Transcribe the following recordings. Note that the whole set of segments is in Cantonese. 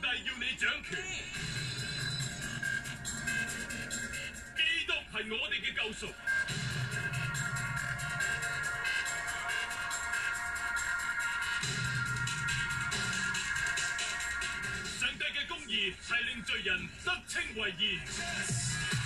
上帝要你掌權，基督係我哋嘅救贖，上帝嘅公義係令罪人得稱為義。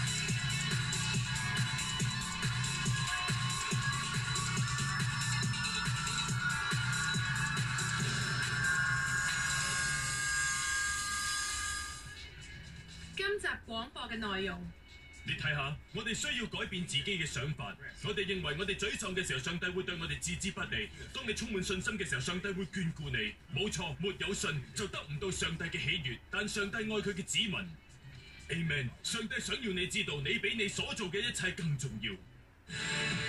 你睇下，我哋需要改變自己嘅想法。我哋認為我哋沮喪嘅時候，上帝會對我哋置之不理。當你充滿信心嘅時候，上帝會眷顧你。冇錯，沒有信就得唔到上帝嘅喜悅。但上帝愛佢嘅子民。嗯、Amen。上帝想要你知道，你比你所做嘅一切更重要。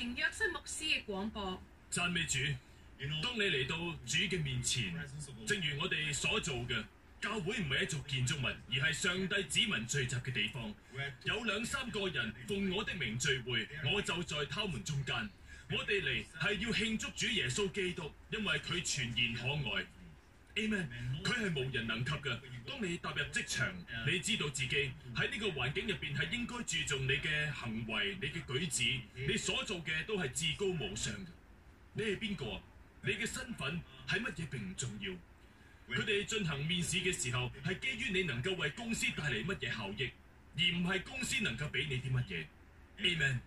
平約瑟牧師嘅廣播，讚美主，當你嚟到主嘅面前，正如我哋所做嘅，教會唔係一座建築物，而係上帝子民聚集嘅地方。有兩三個人奉我的名聚會，我就在他們中間。我哋嚟係要慶祝主耶穌基督，因為佢全然可愛。Amen，佢係無人能及㗎。當你踏入職場，你知道自己喺呢個環境入邊係應該注重你嘅行為、你嘅舉止、你所做嘅都係至高無上嘅。你係邊個？你嘅身份係乜嘢並唔重要。佢哋進行面試嘅時候係基於你能夠為公司帶嚟乜嘢效益，而唔係公司能夠俾你啲乜嘢。Amen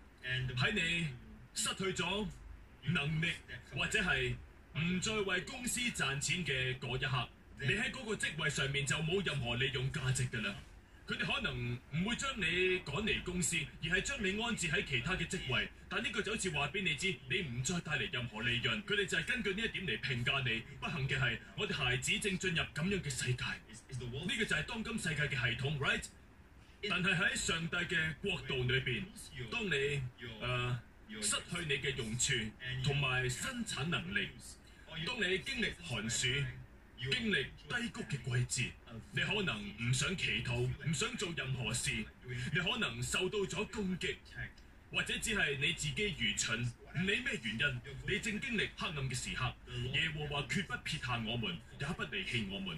the。喺你失去咗能力或者係，唔再為公司賺錢嘅嗰一刻，你喺嗰個職位上面就冇任何利用價值㗎喇。佢哋可能唔會將你趕離公司，而係將你安置喺其他嘅職位。但呢個就好似話俾你知，你唔再帶嚟任何利潤，佢哋就係根據呢一點嚟評價你。不幸嘅係，我哋孩子正進入咁樣嘅世界，呢、這個就係當今世界嘅系統，right？但係喺上帝嘅國度裏面，當你誒、呃、失去你嘅用處同埋生產能力。當你經歷寒暑，經歷低谷嘅季節，你可能唔想祈禱，唔想做任何事，你可能受到咗攻擊，或者只係你自己愚蠢。唔理咩原因，你正經歷黑暗嘅時刻，耶和華決不撇下我們，也不離棄我們。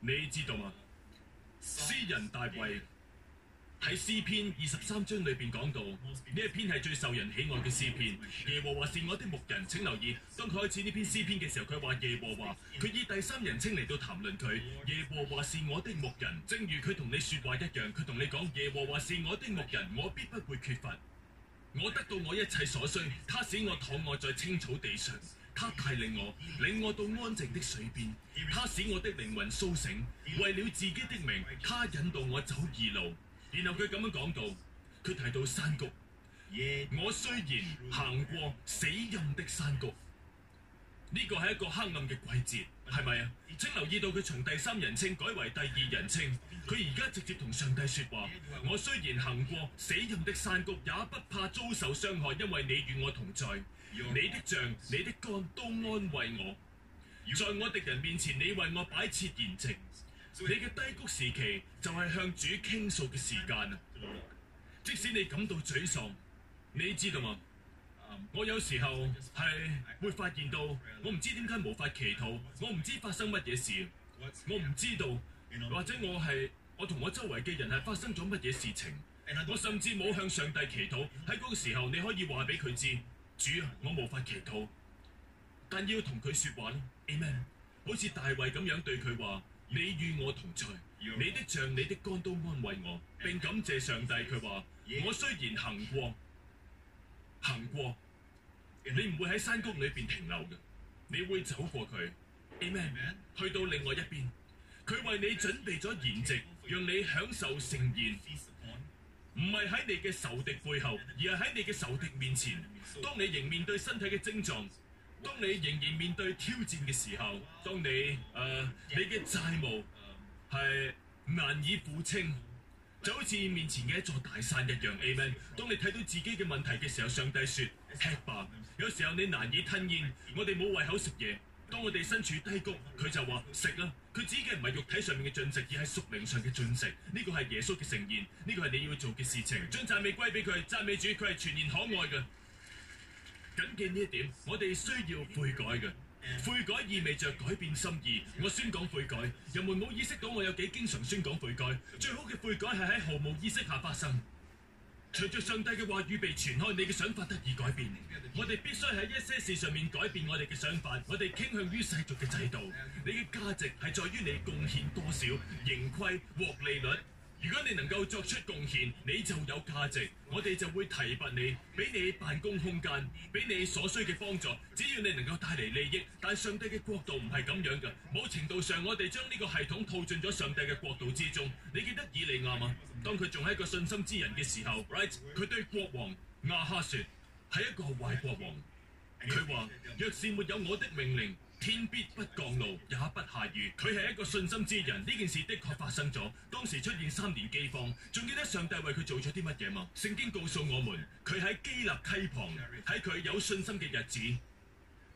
你知道嗎？詩人大衛。喺詩篇二十三章裏邊講到，呢一篇係最受人喜愛嘅詩篇。耶和華是我的牧人，請留意當佢開始呢篇詩篇嘅時候，佢話，耶和華，佢以第三人稱嚟到談論佢。耶和華是我的牧人，正如佢同你說話一樣，佢同你講，耶和華是我的牧人，我必不會缺乏，我得到我一切所需。他使我躺卧在青草地上，他帶領我，領我到安靜的水邊。他使我的靈魂甦醒，為了自己的名，他引導我走義路。然後佢咁樣講到，佢提到山谷，我雖然行過死蔭的山谷，呢個係一個黑暗嘅季節，係咪啊？請留意到佢從第三人稱改為第二人稱，佢而家直接同上帝說話。我雖然行過死蔭的山谷，也不怕遭受傷害，因為你與我同在，你的杖、你的竿都安慰我，在我敵人面前，你為我擺設筵席。你嘅低谷時期就係向主傾訴嘅時間啊！即使你感到沮喪，你知道嗎？我有時候係會發現到，我唔知點解無法祈禱，我唔知發生乜嘢事，我唔知道，或者我係我同我周圍嘅人係發生咗乜嘢事情，我甚至冇向上帝祈禱。喺嗰個時候，你可以話俾佢知，主啊，我無法祈禱，但要同佢說話呢，Amen！好似大衛咁樣對佢話。你與我同在，你的像你的竿都安慰我，並感謝上帝。佢話：我雖然行過，行過，你唔會喺山谷裏邊停留嘅，你會走過佢。Amen。去到另外一邊，佢為你準備咗筵席，讓你享受盛宴，唔係喺你嘅仇敵背後，而係喺你嘅仇敵面前。當你仍面對身體嘅症狀。當你仍然面對挑戰嘅時候，當你誒、呃、你嘅債務係難以付清，就好似面前嘅一座大山一樣。Amen。當你睇到自己嘅問題嘅時候，上帝說：吃吧。有時候你難以吞咽，我哋冇胃口食嘢。當我哋身處低谷，佢就話食啦。佢指嘅唔係肉體上面嘅進食，而係屬靈上嘅進食。呢、這個係耶穌嘅成言，呢、這個係你要做嘅事情。將讚美歸俾佢，讚美主，佢係全然可愛嘅。謹記呢一點，我哋需要悔改嘅。悔改意味着改變心意。我宣講悔改，人們冇意識到我有幾經常宣講悔改。最好嘅悔改係喺毫無意識下發生，隨着上帝嘅話語被傳開，你嘅想法得以改變。我哋必須喺一些事上面改變我哋嘅想法。我哋傾向於世俗嘅制度。你嘅價值係在於你貢獻多少，盈虧獲利率。如果你能夠作出貢獻，你就有價值，我哋就會提拔你，俾你辦公空間，俾你所需嘅幫助。只要你能夠帶嚟利益，但上帝嘅國度唔係咁樣噶。某程度上，我哋將呢個系統套進咗上帝嘅國度之中。你記得以利亞嗎？當佢仲係一個信心之人嘅時候，right，佢對國王亞哈說，係一個壞國王。佢話若是沒有我的命令。天必不降露，也不下雨。佢係一個信心之人。呢件事的確發生咗。當時出現三年饑荒，仲記得上帝為佢做咗啲乜嘢嘛？聖經告訴我們，佢喺基立溪旁，喺佢有信心嘅日子，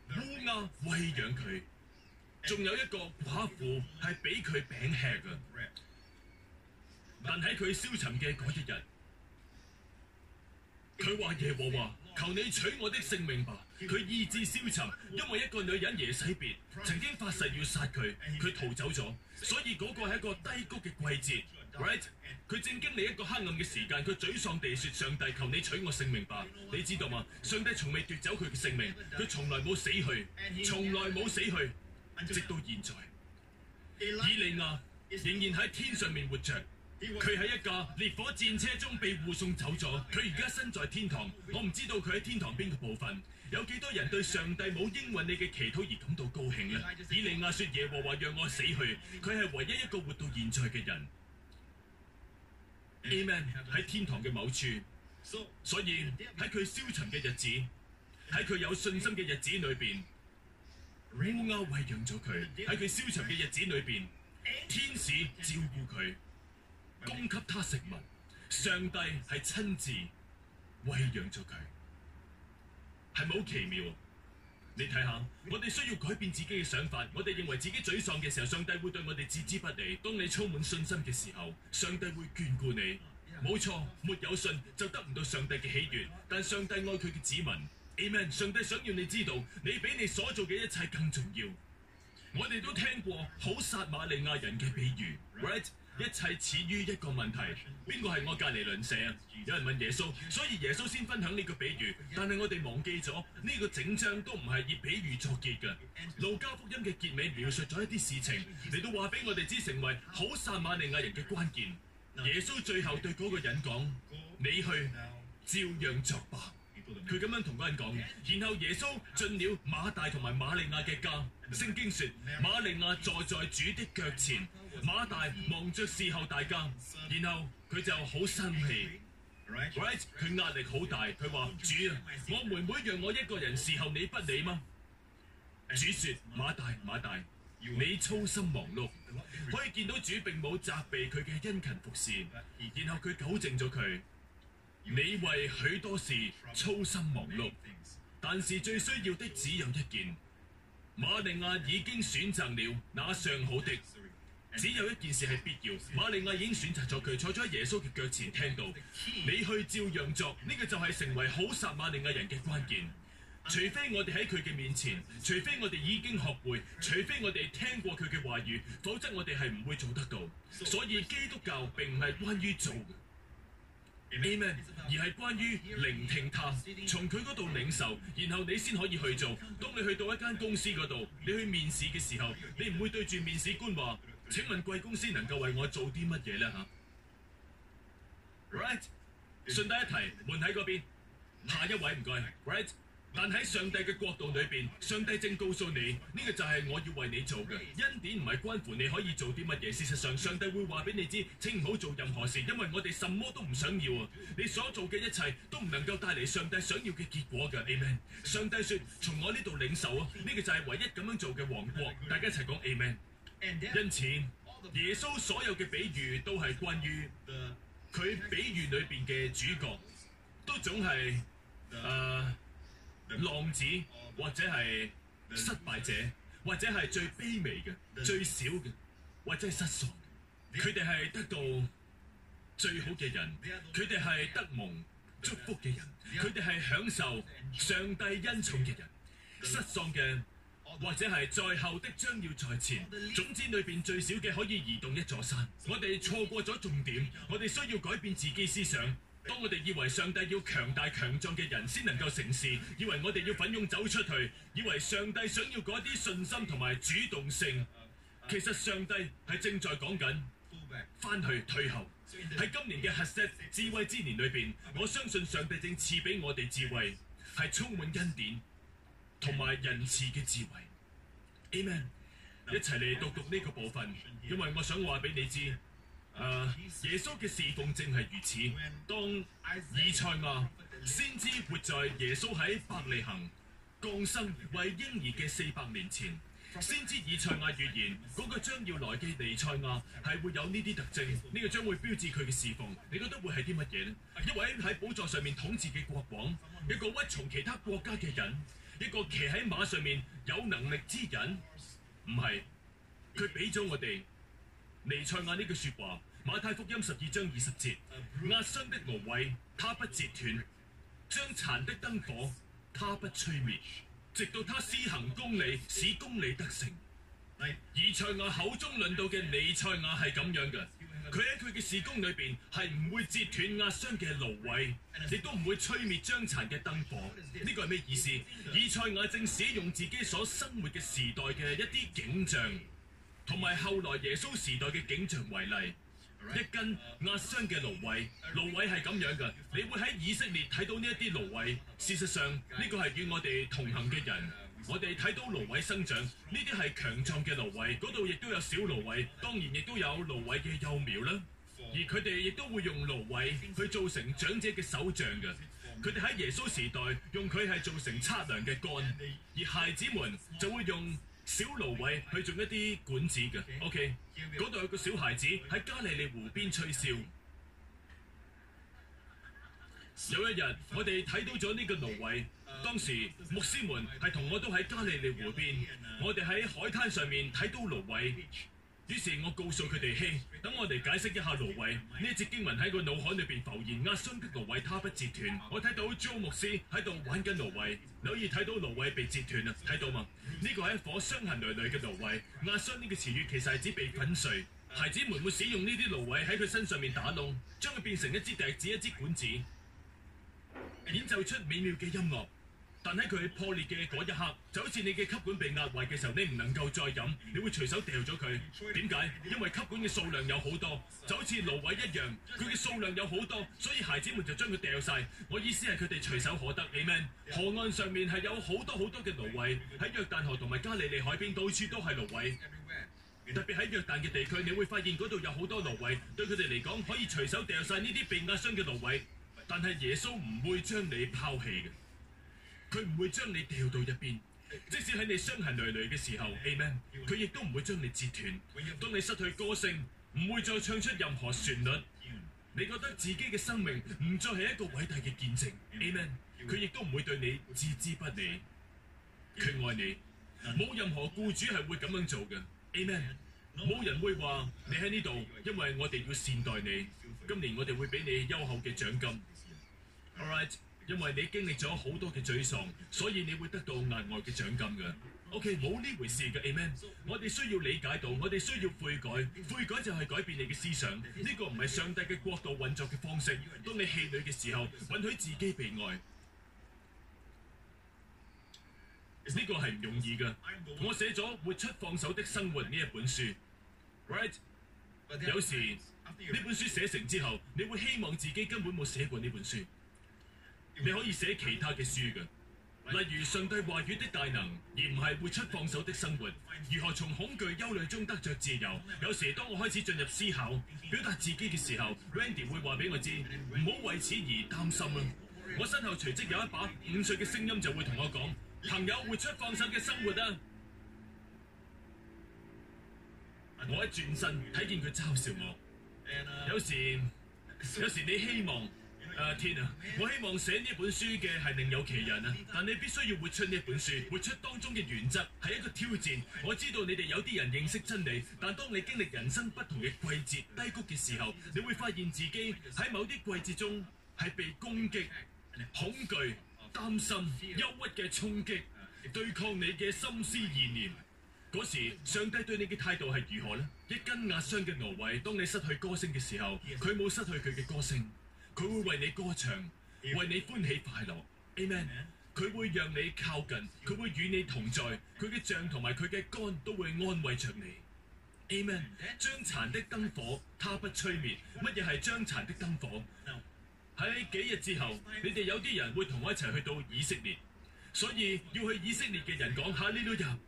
烏鴉餵養佢，仲有一個寡婦係俾佢餅吃嘅。但喺佢消沉嘅嗰一日，佢話耶和華，啊，求你取我的性命吧。佢意志消沉，因為一個女人耶洗別，曾經發誓要殺佢，佢逃走咗，所以嗰個係一個低谷嘅季節。Right，佢正經歷一個黑暗嘅時間，佢沮喪地說：上帝，求你取我性命吧！你知道嗎？上帝從未奪走佢嘅性命，佢從來冇死去，從來冇死去，直到現在，以利亞仍然喺天上面活着。佢喺一架烈火戰車中被護送走咗，佢而家身在天堂。我唔知道佢喺天堂邊個部分，有幾多人對上帝冇應允你嘅祈禱而感到高興呢？以利亞說：耶和華讓我死去，佢係唯一一個活到現在嘅人。Amen。喺天堂嘅某處，所以喺佢消沉嘅日子，喺佢有信心嘅日子裏邊，烏鴉餵養咗佢；喺佢消沉嘅日子裏邊，天使照顧佢。供給他食物，上帝係親自餵養咗佢，係咪好奇妙？你睇下，我哋需要改變自己嘅想法。我哋認為自己沮喪嘅時候，上帝會對我哋置之不理。當你充滿信心嘅時候，上帝會眷顧你。冇錯，沒有信就得唔到上帝嘅喜悅。但上帝愛佢嘅子民。Amen，上帝想要你知道，你比你所做嘅一切更重要。我哋都聽過好撒瑪利亞人嘅比喻，right？一切始於一個問題，邊個係我隔離鄰舍啊？有人問耶穌，所以耶穌先分享呢個比喻。但係我哋忘記咗，呢、這個整章都唔係以比喻作結嘅。路加福音嘅結尾描述咗一啲事情，嚟到話俾我哋知成為好撒瑪利亞人嘅關鍵。耶穌最後對嗰個人講：你去，照樣作吧。佢咁樣同嗰人講，然後耶穌進了馬大同埋瑪利亞嘅家。聖經說，瑪利亞坐在主的腳前，馬大望着侍候大家。然後佢就好生氣，佢 Right? 壓力好大。佢話：主啊，我妹妹讓我一個人侍候你不理嗎？主說：馬大，馬大，你操心忙碌，可以見到主並冇責備佢嘅殷勤服侍。然後佢糾正咗佢。你為許多事操心忙碌，但是最需要的只有一件。瑪利亞已經選擇了那上好的，只有一件事係必要。瑪利亞已經選擇咗佢坐咗喺耶穌嘅腳前聽到，你去照樣作。呢、這個就係成為好撒瑪利亞人嘅關鍵。除非我哋喺佢嘅面前，除非我哋已經學會，除非我哋聽過佢嘅話語，否則我哋係唔會做得到。所以基督教並唔係關於做。而係關於聆聽他，從佢嗰度領受，然後你先可以去做。當你去到一間公司嗰度，你去面試嘅時候，你唔會對住面試官話：請問貴公司能夠為我做啲乜嘢呢？吓，right。順帶一提，門喺嗰邊，下一位唔該，right。但喺上帝嘅國度裏邊，上帝正告訴你呢個就係我要為你做嘅恩典，唔係關乎你可以做啲乜嘢。事實上，上帝會話俾你知，請唔好做任何事，因為我哋什麼都唔想要啊。你所做嘅一切都唔能夠帶嚟上帝想要嘅結果噶。Amen。上帝說：從我呢度領受啊，呢個就係唯一咁樣做嘅王國。大家一齊講 Amen。因此，耶穌所有嘅比喻都係關於佢比喻裏邊嘅主角，都總係誒。呃浪子，或者係失敗者，或者係最卑微嘅、最少嘅，或者係失喪嘅。佢哋係得到最好嘅人，佢哋係得蒙祝福嘅人，佢哋係享受上帝恩寵嘅人。人失喪嘅，或者係在後的，將要在前。總之，裏邊最少嘅可以移動一座山。我哋錯過咗重點，我哋需要改變自己思想。當我哋以為上帝要強大強壯嘅人先能夠成事，以為我哋要奮勇走出去，以為上帝想要嗰啲信心同埋主動性，其實上帝係正在講緊，翻去退後。喺今年嘅 Hesed 智慧之年裏邊，我相信上帝正賜俾我哋智慧，係充滿恩典同埋仁慈嘅智慧。Amen！一齊嚟讀讀呢個部分，因為我想話俾你知。誒、啊，耶穌嘅侍奉正係如此。當以賽亞先知活在耶穌喺伯利恒，降生為嬰兒嘅四百年前，先知以賽亞預言嗰個將要來嘅彌賽亞係會有呢啲特徵，呢個將會標誌佢嘅侍奉。你覺得會係啲乜嘢咧？一位喺寶座上面統治嘅國王，一個屈從其他國家嘅人，一個騎喺馬上面有能力之人，唔係，佢俾咗我哋。尼賽亞呢句說話，馬太福音十二章二十節，壓傷的蘆葦，他不折斷；將殘的燈火，他不吹滅，直到他施行公理，使公理得勝。以賽亞口中論到嘅尼賽亞係咁樣嘅，佢喺佢嘅事工裏邊係唔會折斷壓傷嘅蘆葦，亦都唔會吹滅將殘嘅燈火。呢個係咩意思？以賽亞正使用自己所生活嘅時代嘅一啲景象。同埋後來耶穌時代嘅景象為例，一根壓傷嘅蘆葦，蘆葦係咁樣嘅，你會喺以色列睇到呢一啲蘆葦。事實上，呢個係與我哋同行嘅人，我哋睇到蘆葦生長，呢啲係強壯嘅蘆葦，嗰度亦都有小蘆葦，當然亦都有蘆葦嘅幼苗啦。而佢哋亦都會用蘆葦去做成長者嘅手杖嘅，佢哋喺耶穌時代用佢係做成測量嘅竿，而孩子們就會用。小蘆葦去做一啲管子嘅，OK, okay.、嗯。嗰度有個小孩子喺加利利湖邊吹簫。嗯、有一日，我哋睇到咗呢個蘆葦。嗯、當時牧師們係同我都喺加利利湖邊，嗯嗯、我哋喺海灘上面睇到蘆葦。於是我告訴佢哋兄，等我哋解釋一下蘆葦呢節經文喺個腦海裏邊浮現，壓傷的蘆葦他不折斷。我睇到 Jo 牧師喺度玩緊蘆葦，你可以睇到蘆葦被折斷啊！睇到嘛？呢、這個係一棵傷痕累累嘅蘆葦，壓傷呢個詞語其實係指被粉碎，孩子們會使用呢啲蘆葦喺佢身上面打弄，將佢變成一支笛子、一支管子，演奏出美妙嘅音樂。但喺佢破裂嘅嗰一刻，就好似你嘅吸管被壓壞嘅時候，你唔能夠再飲，你會隨手掉咗佢。點解？因為吸管嘅數量有好多，就好似蘆葦一樣，佢嘅數量有好多，所以孩子們就將佢掉晒。我意思係佢哋隨手可得，Amen。河岸上面係有好多好多嘅蘆葦，喺約旦河同埋加利利海邊到處都係蘆葦，特別喺約旦嘅地區，你會發現嗰度有好多蘆葦，對佢哋嚟講可以隨手掉晒呢啲被壓傷嘅蘆葦。但係耶穌唔會將你拋棄嘅。佢唔會將你掉到一邊，即使喺你傷痕累累嘅時候，Amen，佢亦都唔會將你截斷。當你失去歌聲，唔會再唱出任何旋律，你覺得自己嘅生命唔再係一個偉大嘅見證，Amen。佢亦都唔會對你置之不理，佢 Amen, 愛你，冇任何僱主係會咁樣做嘅，Amen。冇人會話、嗯、你喺呢度，因為我哋要善待你。今年我哋會俾你優厚嘅獎金。All right。Alright, 因為你經歷咗好多嘅沮喪，所以你會得到額外嘅獎金㗎。OK，冇呢回事嘅 Amen。So, 我哋需要理解到，我哋需要悔改，悔改就係改變你嘅思想。呢、這個唔係上帝嘅國度運作嘅方式。當你氣餒嘅時候，允許自己被愛。呢 Yes, 個係唔容易㗎。我寫咗《活出放手的生活》呢一本書。Right，there 有時呢本書寫成之後，你會希望自己根本冇寫過呢本書。你可以寫其他嘅書㗎，例如上帝話語的大能，而唔係活出放手的生活。如何從恐懼憂慮中得着自由？有時當我開始進入思考、表達自己嘅時候，Randy 會話俾我知，唔好為此而擔心啦。我身後隨即有一把五歲嘅聲音就會同我講：朋友，活出放手嘅生活啊！我一轉身睇見佢嘲笑我。有時，有時你希望。天啊，我希望寫呢本書嘅係另有其人啊，但你必須要活出呢本書，活出當中嘅原則係一個挑戰。我知道你哋有啲人認識真理，但當你經歷人生不同嘅季節低谷嘅時候，你會發現自己喺某啲季節中係被攻擊、恐懼、擔心、憂鬱嘅衝擊，對抗你嘅心思意念。嗰時，上帝對你嘅態度係如何呢？一根壓傷嘅蘆葦，當你失去歌聲嘅時候，佢冇失去佢嘅歌聲。佢會為你歌唱，為你歡喜快樂，Amen。佢會讓你靠近，佢會與你同在，佢嘅杖同埋佢嘅竿都會安慰着你，Amen。將殘的燈火，他不吹滅。乜嘢係將殘的燈火？喺 No. 幾日之後，你哋有啲人會同我一齊去到以色列，所以要去以色列嘅人講下呢度人，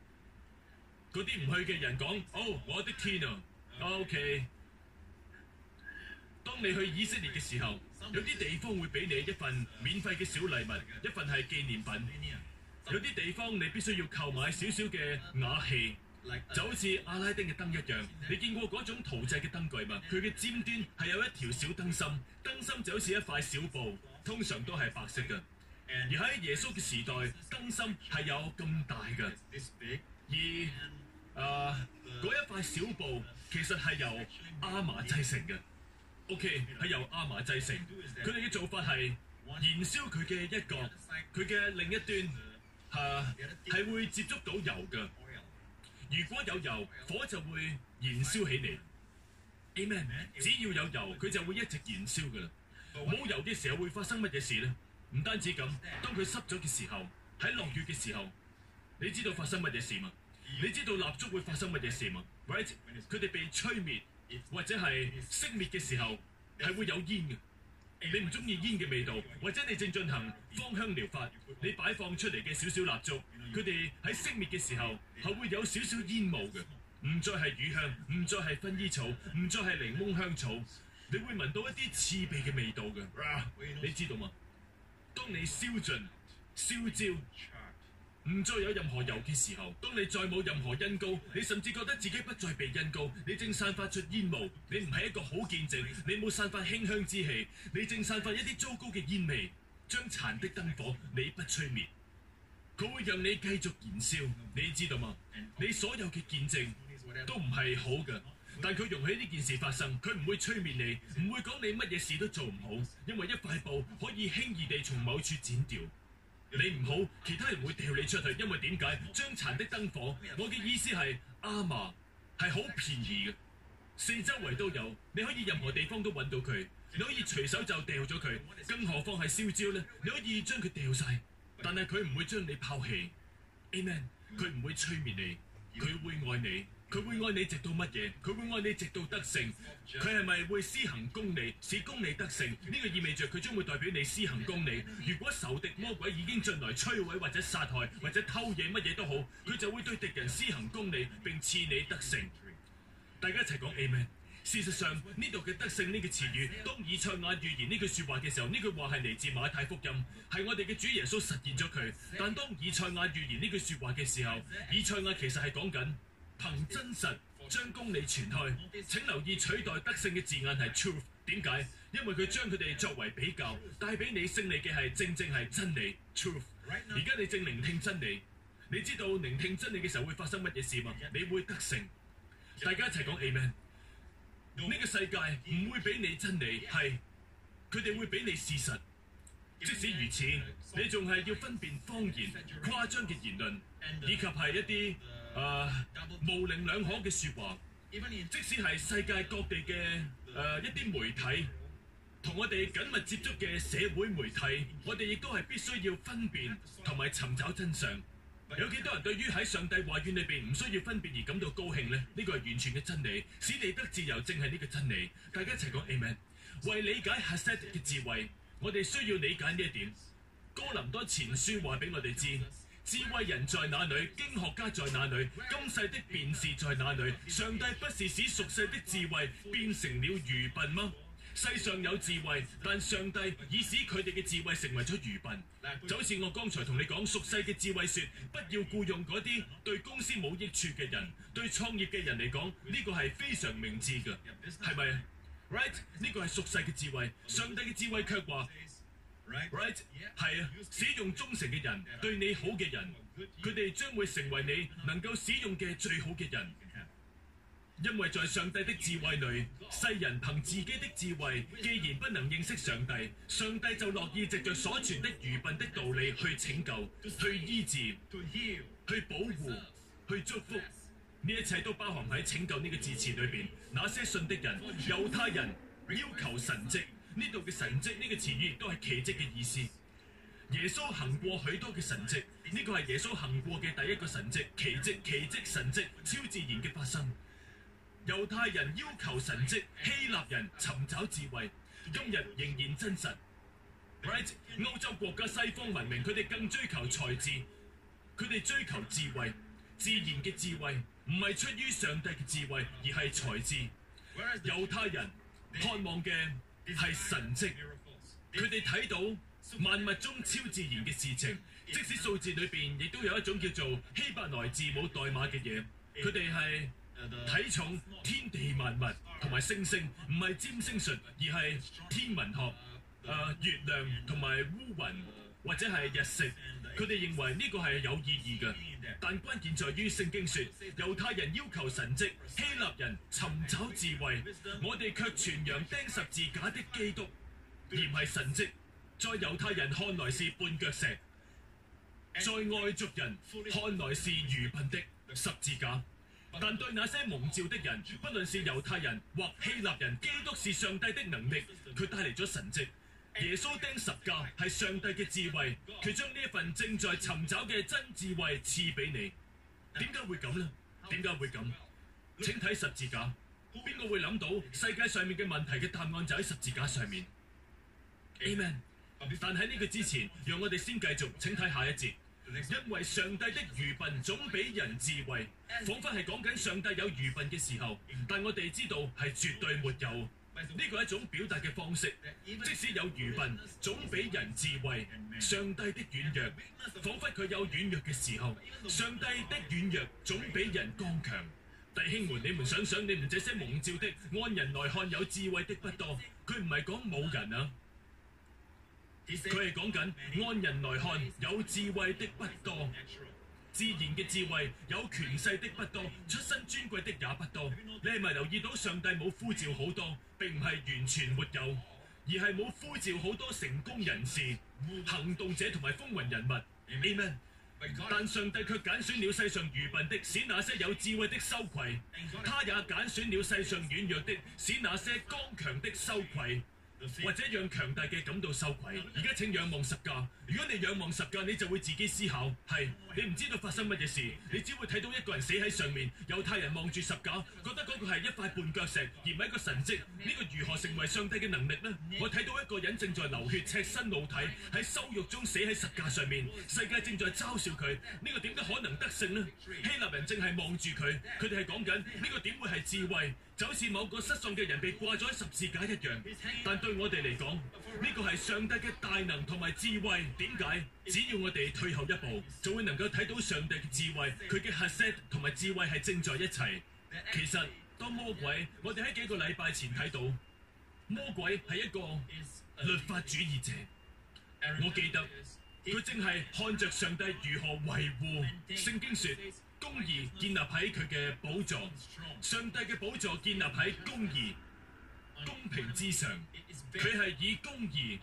嗰啲唔去嘅人講，哦，我的天啊，OK。當你去以色列嘅時候。有啲地方會俾你一份免費嘅小禮物，一份係紀念品。有啲地方你必須要購買少少嘅瓦器，就好似阿拉丁嘅燈一樣。你見過嗰種陶製嘅燈具嗎？佢嘅尖端係有一條小燈芯，燈芯就好似一塊小布，通常都係白色嘅。而喺耶穌嘅時代，燈芯係有咁大嘅，而啊嗰一塊小布其實係由亞麻製成嘅。OK，係由阿麻製成。佢哋嘅做法係燃燒佢嘅一角，佢嘅另一端，誒、啊，係會接觸到油噶。如果有油，火就會燃燒起嚟。A 咩？只要有油，佢就會一直燃燒噶啦。冇 But what? 油嘅時候會發生乜嘢事咧？唔單止咁，當佢濕咗嘅時候，喺落雨嘅時候，你知道發生乜嘢事嘛？你知道蠟燭會發生乜嘢事嘛？Right，佢哋被吹滅。或者係熄滅嘅時候係會有煙嘅。你唔中意煙嘅味道，或者你正進行芳香療法，你擺放出嚟嘅少少蠟燭，佢哋喺熄滅嘅時候係會有少少煙霧嘅，唔再係乳香，唔再係薰衣草，唔再係檸檬香草，你會聞到一啲刺鼻嘅味道嘅，你知道嗎？當你燒盡、燒焦。唔再有任何油嘅時候，當你再冇任何恩膏，你甚至覺得自己不再被恩膏，你正散發出煙霧，你唔係一個好見證，你冇散發馨香之氣，你正散發一啲糟糕嘅煙味，將殘的燈火，你不吹滅，佢會讓你繼續燃燒，你知道嗎？你所有嘅見證都唔係好嘅，但佢容許呢件事發生，佢唔會吹滅你，唔會講你乜嘢事都做唔好，因為一塊布可以輕易地從某處剪掉。你唔好，其他人會掉你出去，因為點解？將殘的燈火，我嘅意思係，阿嫲，係好便宜嘅，四周圍都有，你可以任何地方都搵到佢，你可以隨手就掉咗佢，更何況係燒焦呢？你可以將佢掉晒，但係佢唔會將你拋棄，Amen，佢唔會吹滅你，佢會愛你。佢會愛你直到乜嘢？佢會愛你直到得勝。佢係咪會施行公理？使公理得勝？呢、呢個意味着佢將會代表你施行公理。如果仇敵魔鬼已經進來摧毀或者殺害或者偷嘢，乜嘢都好，佢就會對敵人施行公理，並賜你得勝。大家一齊講 Amen。事實上，呢度嘅得勝呢句詞語，當以賽亞預言呢句說話嘅時候，呢句話係嚟自馬太福音，係我哋嘅主耶穌實現咗佢。但當以賽亞預言呢句說話嘅時候，以賽亞其實係講緊。憑真實將公理傳去，請留意取代得勝嘅字眼係 truth。點解？因為佢將佢哋作為比較，帶俾你勝利嘅係正正係真理 truth。而家你正聆聽真理，你知道聆聽真理嘅時候會發生乜嘢事嗎？你會得勝。大家一齊講 amen。呢個世界唔會俾你真理，係佢哋會俾你事實。即使如此，你仲係要分辨謊言、誇張嘅言論，以及係一啲。誒，模稜兩可嘅說話，即使係世界各地嘅誒、uh, 一啲媒體，同我哋緊密接觸嘅社會媒體，我哋亦都係必須要分辨同埋尋找真相。有幾多人對於喺上帝話語裏邊唔需要分辨而感到高興呢？呢個係完全嘅真理，使你得自由正係呢個真理。大家一齊講 Amen。為理解 s 哈塞嘅智慧，我哋需要理解呢一點。哥林多前書話俾我哋知。智慧人在哪裏？經學家在哪裏？今世的辯士在哪裏？上帝不是使俗世的智慧變成了愚笨嗎？世上有智慧，但上帝已使佢哋嘅智慧成為咗愚笨。就好似我剛才同你講，俗世嘅智慧說，不要雇傭嗰啲對公司冇益處嘅人，對創業嘅人嚟講，呢個係非常明智噶，係咪？Right？呢個係俗世嘅智慧，上帝嘅智慧卻話。係啊，Right ? yes. 使用忠誠嘅人，對你好嘅人，佢哋將會成為你能夠使用嘅最好嘅人。因為在上帝的智慧裏，世人憑自己的智慧，既然不能認識上帝，上帝就樂意藉著所傳的愚笨的道理去拯救、去醫治、去保護、去祝福。呢一切都包含喺拯救呢個字詞裏邊。那些信的人，猶太人要求神蹟。呢度嘅神蹟呢個詞語都係奇蹟嘅意思。耶穌行過許多嘅神蹟，呢個係耶穌行過嘅第一個神蹟，奇蹟、奇蹟、神蹟，超自然嘅發生。猶太人要求神蹟，希臘人尋找智慧，今日仍然真實。Right? 歐洲國家西方文明，佢哋更追求才智，佢哋追求智慧，自然嘅智慧唔係出於上帝嘅智慧，而係才智。猶太人盼望嘅。係神蹟，佢哋睇到萬物中超自然嘅事情，即使數字裏邊亦都有一種叫做希伯來字母代碼嘅嘢，佢哋係睇重天地萬物同埋星星，唔係占星術，而係天文學，誒、啊，月亮同埋烏雲。或者係日食，佢哋認為呢個係有意義嘅。但關鍵在於聖經說，猶太人要求神蹟，希臘人尋找智慧，我哋卻傳揚釘十字架的基督，而唔係神蹟。在猶太人看來是絆腳石，在外族人看來是愚笨的十字架，但對那些蒙召的人，不論是猶太人或希臘人，基督是上帝的能力，佢帶嚟咗神蹟。耶穌釘十架係上帝嘅智慧，佢將呢一份正在尋找嘅真智慧賜俾你。點解會咁呢？點解會咁？請睇十字架。邊個會諗到世界上面嘅問題嘅答案就喺十字架上面？Amen。但喺呢個之前，讓我哋先繼續，請睇下一節。因為上帝的愚笨總比人智慧，仿佛係講緊上帝有愚笨嘅時候，但我哋知道係絕對沒有。呢個係一種表達嘅方式，即使有愚笨，總比人智慧。上帝的軟弱，仿佛佢有軟弱嘅時候，上帝的軟弱總比人剛強。弟兄們，你們想想，你們這些蒙召的，按人來看有智慧的不多，佢唔係講冇人啊，佢係講緊按人來看有智慧的不多。自然嘅智慧，有權勢的不多，出身尊貴的也不多。你係咪留意到上帝冇呼召好多，並唔係完全沒有，而係冇呼召好多成功人士、行動者同埋風雲人物。Amen. 但上帝卻揀選了世上愚笨的，使那些有智慧的羞愧；他也揀選了世上軟弱的，使那些剛強的羞愧。或者讓強大嘅感到羞愧，而家請仰望十架。如果你仰望十架，你就會自己思考，係你唔知道發生乜嘢事，你只會睇到一個人死喺上面。猶太人望住十架，覺得嗰個係一塊絆腳石，而唔係一個神蹟。呢個如何成為上帝嘅能力呢？我睇到一個人正在流血，赤身露體喺羞辱中死喺十架上面，世界正在嘲笑佢。呢個點解可能得勝呢？希臘人正係望住佢，佢哋係講緊呢個點會係智慧。就好似某個失喪嘅人被掛咗喺十字架一樣，但對我哋嚟講，呢、這個係上帝嘅大能同埋智慧。點解？只要我哋退後一步，就會能夠睇到上帝嘅智慧，佢嘅和諧同埋智慧係正在一齊。其實，當魔鬼，我哋喺幾個禮拜前睇到，魔鬼係一個律法主義者。我記得佢正係看着上帝如何維護。聖經說。公義建立喺佢嘅寶座，上帝嘅寶座建立喺公義、公平之上，佢係以公義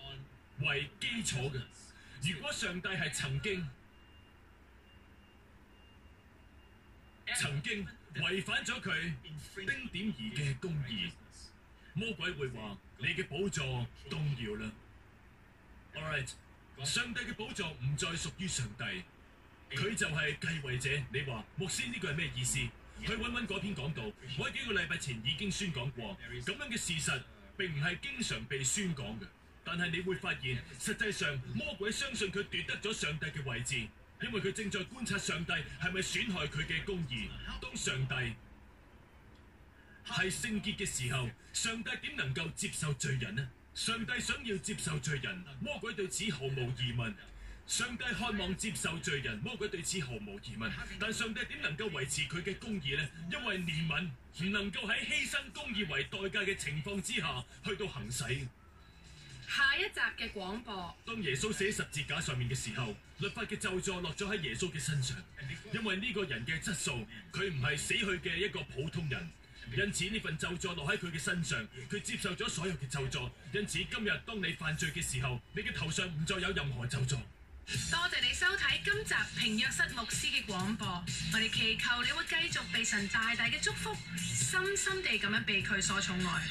為基礎嘅。如果上帝係曾經、曾經違反咗佢丁點兒嘅公義，魔鬼會話：你嘅寶座動搖啦！Alright, 上帝嘅寶座唔再屬於上帝。佢就係繼位者，你話，牧師，呢個係咩意思？去搵搵嗰篇講稿，我喺幾個禮拜前已經宣講過，咁樣嘅事實，並唔係經常被宣講嘅。但係你會發現，實際上魔鬼相信佢奪得咗上帝嘅位置，因為佢正在觀察上帝係咪損害佢嘅公義。當上帝係聖潔嘅時候，上帝點能夠接受罪人呢？上帝想要接受罪人，魔鬼對此毫無疑問。上帝渴望接受罪人，魔鬼對此毫無疑問。但上帝點能夠維持佢嘅公義咧？因為憐憫唔能夠喺犧牲公義為代價嘅情況之下去到行使。下一集嘅廣播。當耶穌寫十字架上面嘅時候，律法嘅咒詛落咗喺耶穌嘅身上，因為呢個人嘅質素，佢唔係死去嘅一個普通人，因此呢份咒詛落喺佢嘅身上，佢接受咗所有嘅咒詛。因此今日當你犯罪嘅時候，你嘅頭上唔再有任何咒詛。多謝你收睇今集平約瑟牧師嘅廣播，我哋祈求你會繼續被神大大嘅祝福，深深地咁樣被佢所寵愛。